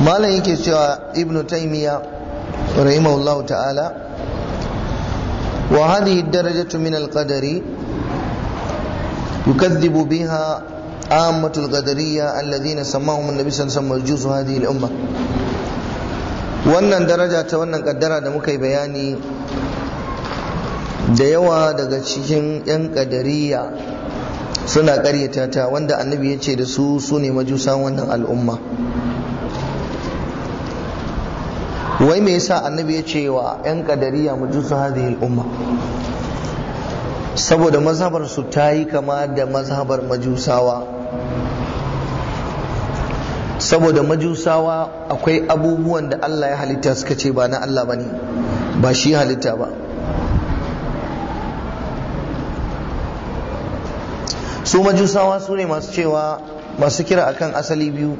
malam yake cewa ibn taymiya rahimahullah ta'ala wa hadhihi darajatu min al-qadari yukadhibu biha عامة القدرية الذين سماهم النبي صلى الله عليه وسلم مجوس هذه الأمة wannan daraja ta wannan kaddara da muka yi bayani da yawa daga cikin 'yan kadariya suna karyata ta wanda annabi ya ce da su su ne majusan wannan al'umma wai me yasa annabi ya ce wa 'yan kadariya jusu hadhihi al-umma saboda mazhabar su ta yi kama da mazhabar majusawa saboda majusawa akwai abubuwan da Allah ya halitta suka ce ba na Allah bane ba shi halitta ba su majusawa su ne masu cewa masu kira akan asali biyu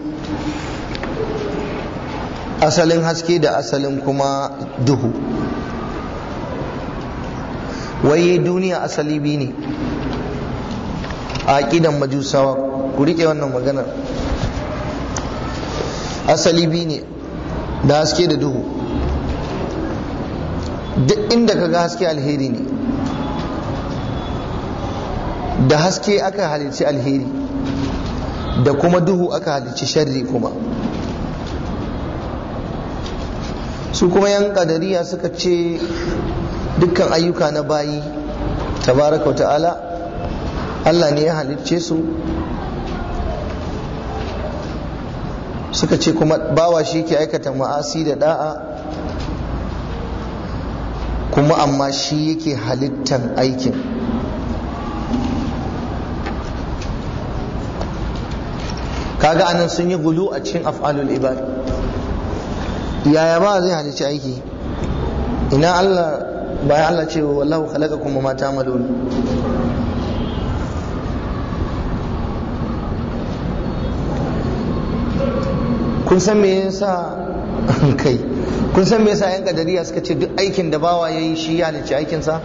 asalin haske da asalin kuma duhu wai duniya asali biyu ne a aƙidan majusawa ku riƙe wannan maganar asali biyu ne da haske da duhu duk inda ka ga haske alheri ne da haske aka halicci alheri da kuma duhu aka halicci sharri kuma su kuma yan kadariya suka ce dukkan ayyuka na bayi tabaraka ta'ala Allah ne ya halicce su suka ce kuma bawa shi ke aikata ma'asi da da'a kuma amma shi yake halittan aikin kaga anan sun yi gulu a cikin af'alul ibad yaya ba zai halicci aiki ina Allah bayan Allah ce wa wallahu khalaqakum kuma ma ta'malun kun san me yasa kai kun san me yasa yan kadariya suka ce duk aikin da bawa ya yi shi ya halicci aikinsa?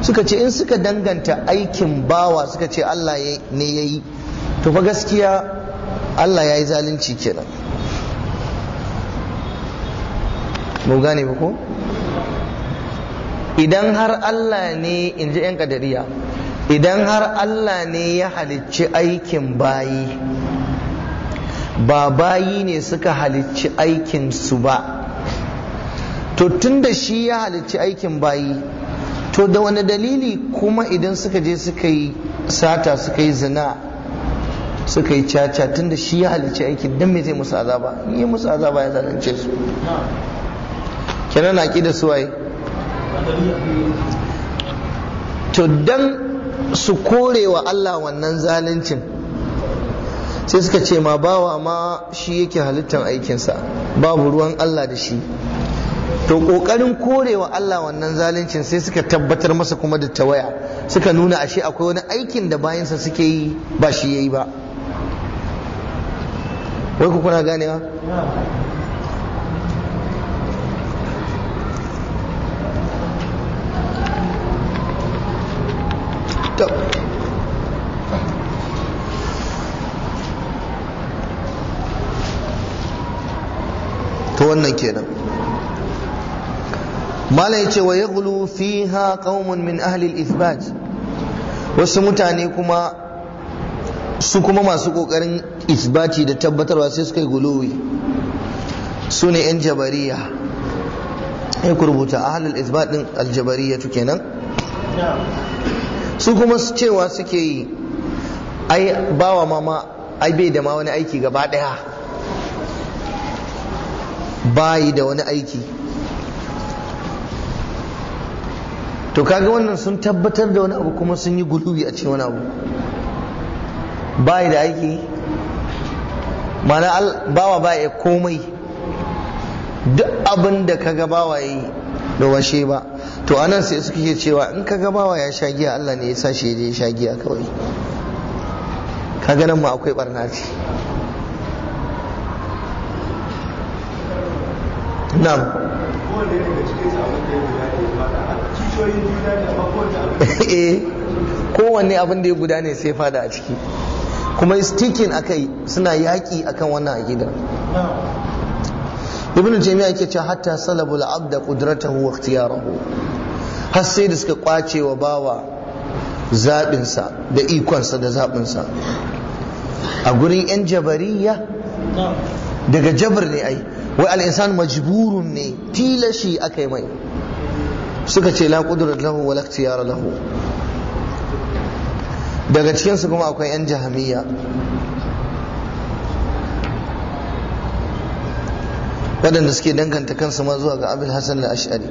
suka ce in suka danganta aikin bawa suka ce Allah ne ya yi. to fa gaskiya Allah ya yi zalunci kenan mu gane ba ko idan har Allah ne in ji 'yan kadariya idan har Allah ne ya halicci aikin bayi ba bayi ne suka halicci aikin su ba to tun da shi ya halicci aikin bayi to da wani dalili kuma idan suka je suka yi sata suka yi zina suka yi caca tunda shi ya halicci aikin don me zai musu azaba yi musu azaba ya zalunce su kenan na ƙi da suwaye? to dan su kore wa Allah wannan zaluncin sai suka ce ma bawa ma shi yake halittar aikinsa babu ruwan Allah da shi to kokarin korewa Allah wannan zaluncin sai suka tabbatar masa kuma da tawaya suka nuna ashe akwai wani aikin da bayansa suke yi ba shi yayi ba wai ku kuna ganewa wannan kenan malai ce wa yaghlu fiha qaumun min ahli al-ithbat wasu mutane kuma su kuma masu kokarin isbati da tabbatarwa sai suka yi guluwi su ne yan jabariya ya kurbuta ahlul isbat aljabariya tu kenan su kuma su cewa suke yi ai bawa mama ai bai da ma wani aiki gaba daya bayi da wani aiki to kaga wannan sun tabbatar da wani abu kuma sun yi gudubi a cikin wani abu bayi da aiki mana bawa ba komai duk abin da kaga bawa yi da washe ba to anan sai suke cewa in ka ga bawa ya sha giya Allah ne ya sa shi ya sha giya kawai kaga ganin ma akwai barna na'am eh, kowanne abin da ya guda ne sai fada a ciki kuma a akai suna yaƙi akan wannan aqida ibn jami'a yake cewa hatta salabu al-abd qudratahu wa ikhtiyarahu har sai da suka kwace wa bawa zaɓinsa da ikonsa da zaɓinsa a gurin 'yan jabariya daga jabar ne ai wai al'insan majiburun ne tilashi aka yi mai suka ce la ƙudurar lahu wa yara lahu daga cikinsu kuma akwai 'yan jahamiya waɗanda suke danganta kansu ma zuwa ga abin hassan da ash'ari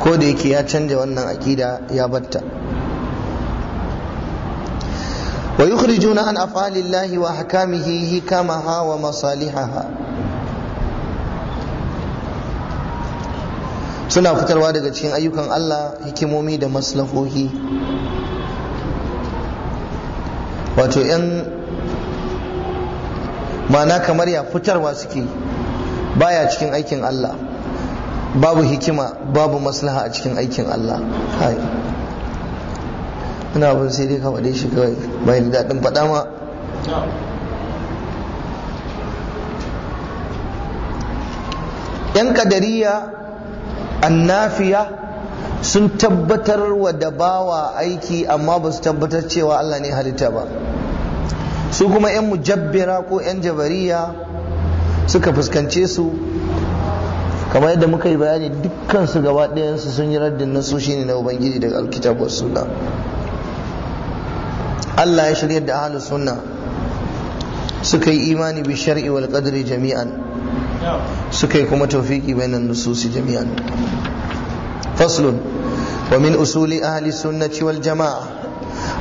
ko da yake ya canja wannan akida ya batta wa yukhrijuna an af'alillahi wa hakamihi kamaha wa masalihaha suna fitarwa daga cikin ayyukan Allah hikimomi da maslahohi wato yan mana kamar ya fitarwa suke baya cikin aikin Allah babu hikima babu maslaha a cikin aikin Allah hai ina abin sai dai kawai dai shi kawai bayan daɗin faɗa ma yan kadariya annafiya sun tabbatar wa da bawa aiki amma ba su tabbatar cewa Allah ne halitta ba su kuma 'yan mujabbira ko 'yan jabariya suka fuskance su kamar yadda muka yi bayani dukkan su gaba ɗayansu sun yi raddin nasu shine na ubangiji daga alkitabu sunna Allah ya shirya da ahlus sunna suka yi imani bi shar'i wal jami'an suka yi kuma bai bainan nususi jami'an faslun wa min usuli ahli sunnati wal jama'a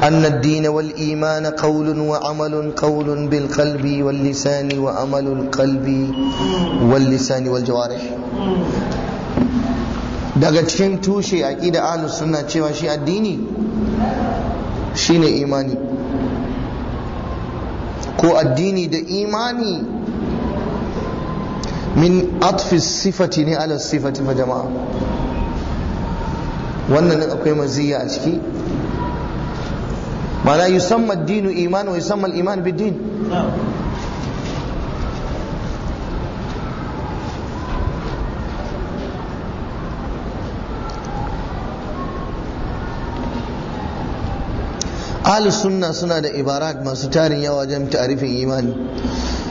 أن الدين والإيمان قول وعمل قول بالقلب واللسان وعمل القلب واللسان والجوارح daga cikin tushe a ƙida ahlus sunna cewa shi addini shine imani ko addini da imani min atfis sifati ne ala sifati fa jama'a wannan akwai maziya a ciki ma'ana yusamma dinu iman wa yusamma iman bid-din ahlus sunna suna da ibarat masu tarin yawa wajen ta'rifin imani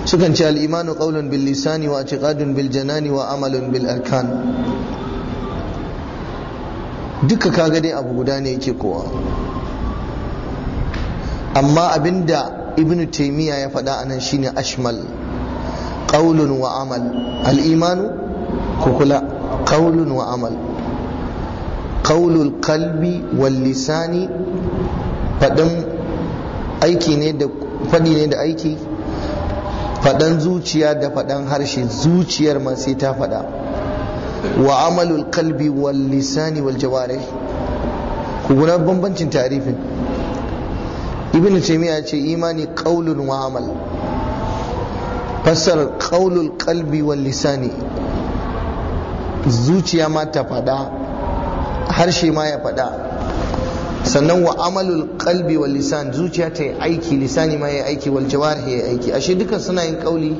sukan ce al'imanu ƙaunin bil lisani wa atiqadun bil janani wa amalun bil arkan duka kaga dai abu guda ne yake kowa amma abinda ibnu taimiyya ya faɗa anan shine ashmal ƙaunin wa amal al'imanu ku kula ƙaunin wa amal ƙaunin kalbi wal lisani faɗin aiki ne da faɗi ne da aiki faɗan zuciya da faɗan harshe zuciyar ma sai ta faɗa wa amalul kalbi wal lisani wal jawarih ku guna bambancin tarifin ibn taymiya ce imani qaulun wa amal fasar qaulul kalbi wal lisani zuciya ma ta faɗa harshe ma ya faɗa sannan wa amalul kalbi wal lisan zuciya ta yi aiki lisani ma yi aiki wal jawar ya yi aiki ashe duka suna yin kauli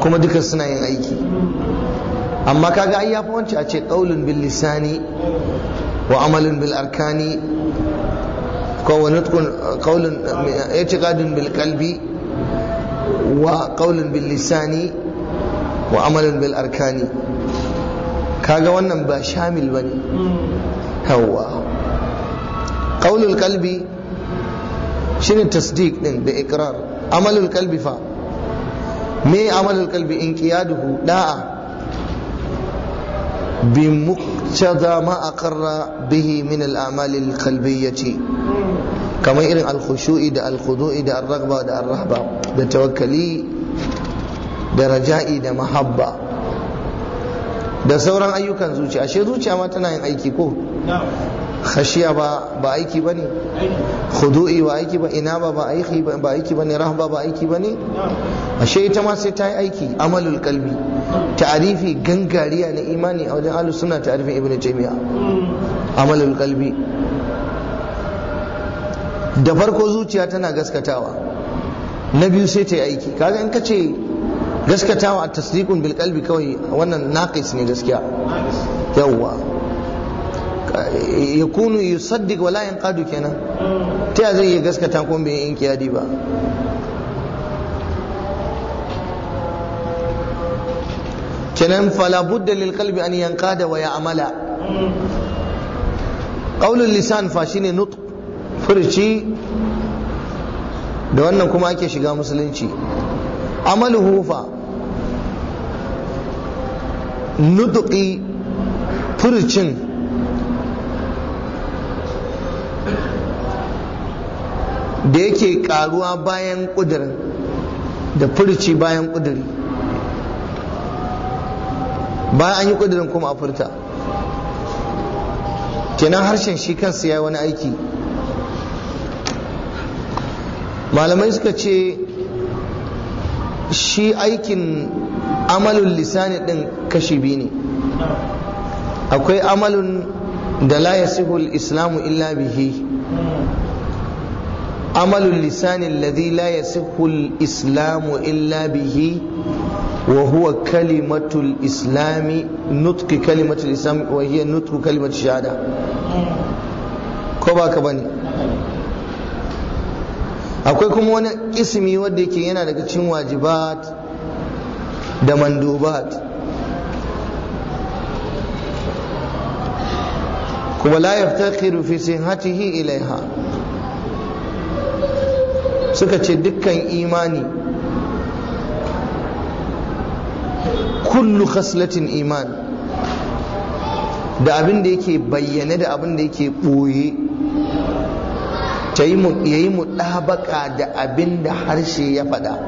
kuma duka suna yin aiki amma kaga ai yafi wancan a ce kaulun bil lisani wa amalun bil arkani ko wa nutqun ci i'tiqadun bil qalbi wa qaulun bil lisani wa amalun bil arkani kaga wannan ba shamil bane yawwa qaulul qalbi shine tasdiq din da Iqrar, amalul kalbi fa me amalul qalbi inqiyaduhu da'a bi muqtada ma aqarra bihi min al a'mal al qalbiyyati kamar irin al da al da al da al rahba da tawakkali da raja'i da mahabba da sauran ayyukan zuciya ashe zuciya ma tana yin aiki ko khashiya ba ba aiki bane khudu'i ba aiki ba inaba ba aiki ba aiki bane rahba ba aiki bane ashe ita ma sai ta yi aiki amalul qalbi ta'arifi gangariya na imani a wajen ahlus sunna ta'arifin ibnu taymiya amalul qalbi da farko zuciya tana gaskatawa na biyu sai ta yi aiki kaga in ka ce gaskatawa a tasdiqun bil qalbi kawai wannan naqis ne gaskiya yawwa yakunu yusaddiq wala kadu kenan ta zai yi gaskata ko bai inkiyadi ba kenan fala budda lil an an yanqada wa amala Ƙaunin lisan fa ne nutq furci da wannan kuma ake shiga musulunci amaluhu hufa. nutuƙi furcin da yake karuwa bayan ƙudurin da furci bayan ƙuduri bayan an yi ƙudurin kuma a furta kenan harshen shi kansu ya yi wani aiki malamai suka ce shi aikin amalin lisani ɗin kashi biyu ne akwai amalin da la yasihul islamu illa bihi عمل اللسان الذي لا يصح الإسلام إلا به وهو كلمة الإسلام نطق كلمة الإسلام وهي نطق كلمة الشهادة كوبا كبني akwai kuma wani ismi wanda yake yana daga cikin wajibat da mandubat kuma la yaftakhiru fi sihhatihi ilaiha suka ce dukkan imani kullu khaslatin iman da abin da yake bayyane da abin da yake ɓoye ya yi mu ɗabaka da abin da harshe ya faɗa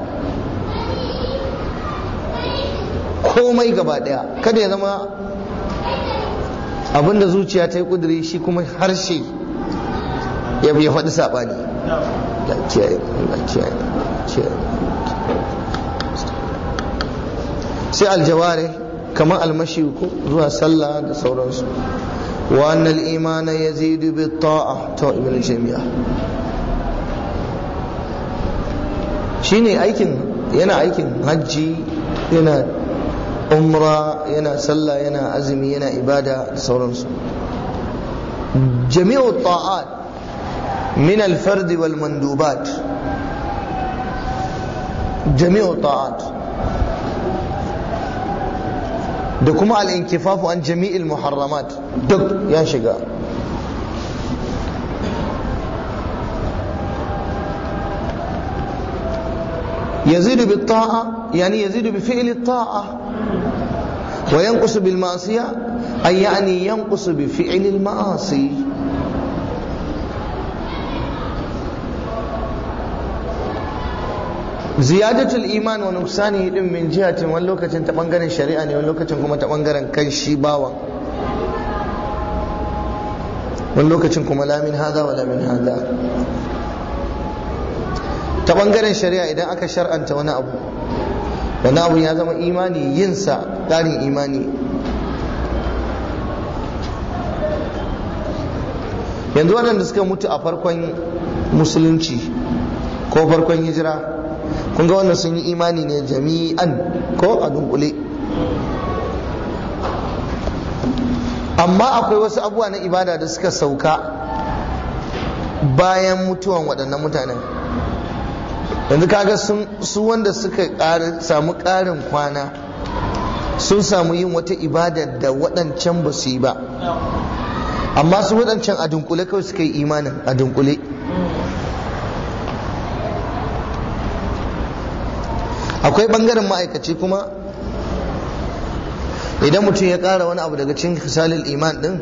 komai gaba ɗaya kada ya zama abin da zuciya ta yi ƙudiri shi kuma harshe ya faɗi saɓani sai aljaware kamar almashi ko zuwa sallah da sauransu wa annal imana yazidu bi ta'a ta ibn jami'a shine aikin yana aikin hajji yana umra yana sallah yana azumi yana ibada da sauransu jami'u ta'at من الفرد والمندوبات جميع الطاعات دكما الانكفاف عن جميع المحرمات دك يا شقا يزيد بالطاعة يعني يزيد بفعل الطاعة وينقص بالمعصية أي يعني ينقص بفعل المعاصي ziyadatul iman wa nuksani din min jihatin wani lokacin ta bangaren shari'a ne wani lokacin kuma ta bangaren kan shi bawa wani lokacin kuma lamin haza wa lamin haza ta bangaren shari'a idan aka shar'anta wani abu wani abu ya zama imani yinsa ƙarin imani yanzu waɗanda suka mutu a farkon musulunci ko farkon hijira kun ga wannan sun yi imani ne jami'an ko a dunkule amma akwai wasu abubuwa na ibada da suka sauka bayan mutuwan waɗannan mutanen yanzu kaga su wanda suka samu ƙarin kwana sun samu yin wata ibada da waɗancan ba su yi ba amma su waɗancan a dunkule kawai suka yi imanin a dunkule akwai bangaren ma'aikaci kuma idan mutum ya ƙara wani abu daga cikin hisalil iman din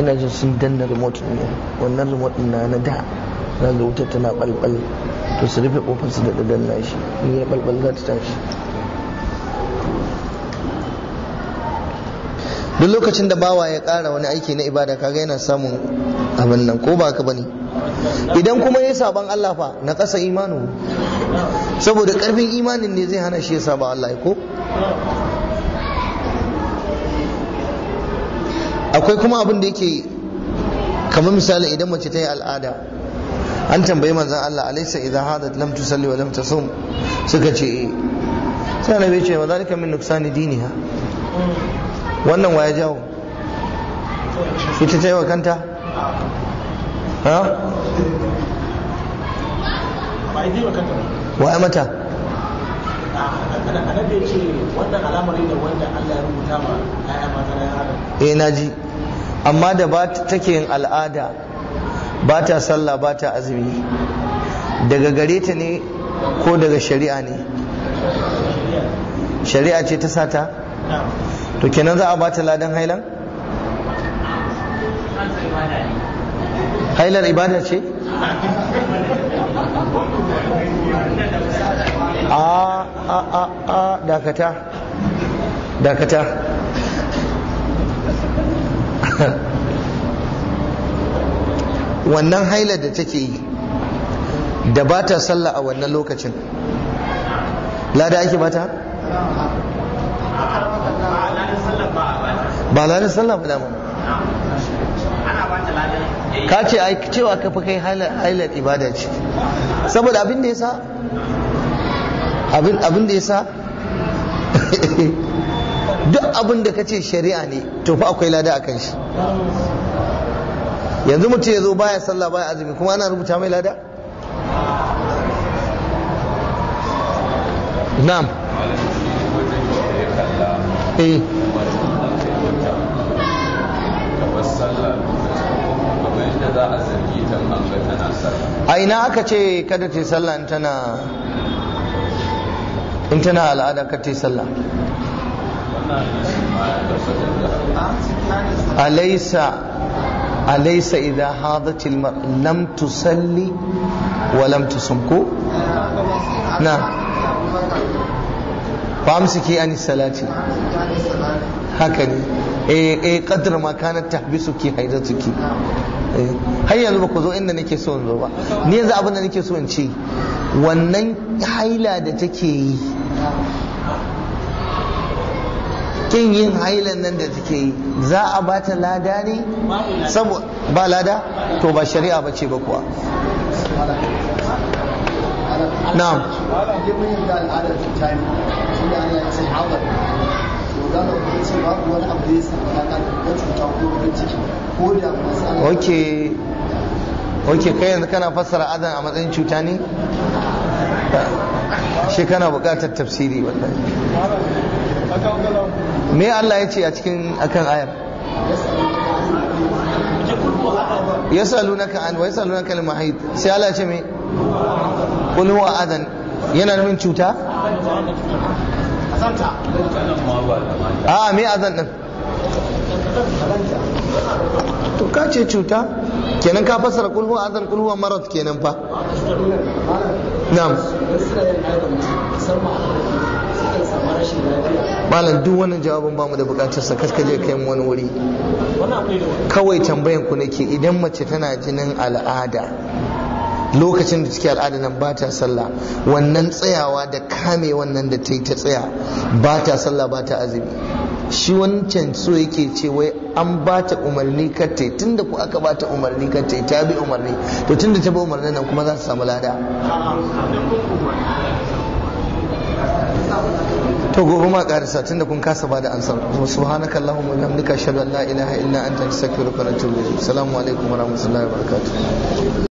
ina jin sun danna remote ne wannan remote na na da na ga wutar tana balbal to su rufe kofar su da danna shi ya balbal za ta tashi duk lokacin da bawa ya ƙara wani aiki na ibada kaga yana samun abin nan ko ba ka bane idan kuma ya saban Allah fa na ƙasa imanu saboda ƙarfin imanin ne zai hana shi ya saba Allah ko akwai kuma abin da yake kamar misali idan mace ta yi al'ada an tambayi manzan Allah alaysa idza hadat lam tusalli wa lam tasum suka ce eh sai annabi ya ce wa zalika min nuksani diniha wannan waya jawo ita ta yi wa kanta wa mata eh na ji amma da ba take yin al'ada ba ta sallah ba ta azumi daga gare ta ne ko daga shari'a ne shari'a ce ta sata to kenan za a bata ladan hailan hailar ibada ce a a a a dakata dakata wannan hailar da take yi da ba ta sallah a wannan lokacin lada ake bata ba lalin sallah ba dama ka ce ai cewa ka fi kai hailar ibada ce saboda abin da ya sa abin da ya sa duk abin da ka ce shari'a ne to fa akwai lada akan shi yanzu mutu ya zo baya sallah baya azumi kuma ana rubuta mai lada na'am aka eh. a ina aka ce kada ta sallah in tana al'ada ka ta sallah alaisa alaisa idan hadat ilmar lam tusalli wa lamtu tusum na famsiki an salati haka ne eh eh qadra ma kanat tahbisuki haidatuki eh, har yanzu ba ku zo inda nake so in zo ba ni yanzu abin da nake so in ce wannan haila da take yi kin yin hailan nan da take yi za a ba ta lada ne ba lada to ba shari'a ba ce ba kuwa na'am ok ok kai yanzu kana fassara adan a matsayin cuta ne shi kana buƙatar tafsiri wallahi me Allah ya ce a cikin akan ayar yasalunaka an wa yasalunaka al-mahid sai Allah ya ce me qul wa adan yana nufin cuta a me azan din to ka ce cuta kenan ka fassara kul azan kul marat kenan fa na'am malam duk wannan jawabin bamu da bukatar sa kaska je kai wani wuri kawai tambayan ku nake idan mace tana jinin al'ada lokacin da cikin al'ada nan ba ta sallah wannan tsayawa da kame wannan da ta yi ta tsaya ba ta sallah ba ta azumi shi wancan so yake ce wai an ba ta umarni katte tunda ku aka ba ta umarni kattai ta bi umarni to tunda ta bi umarni nan kuma za ta samu lada to gobe ma karisa tunda kun kasa ba da ansa subhanaka allahumma bihamdika ashhadu an la ilaha illa anta astaghfiruka wa atubu ilayk assalamu alaikum wa rahmatullahi wa barakatuh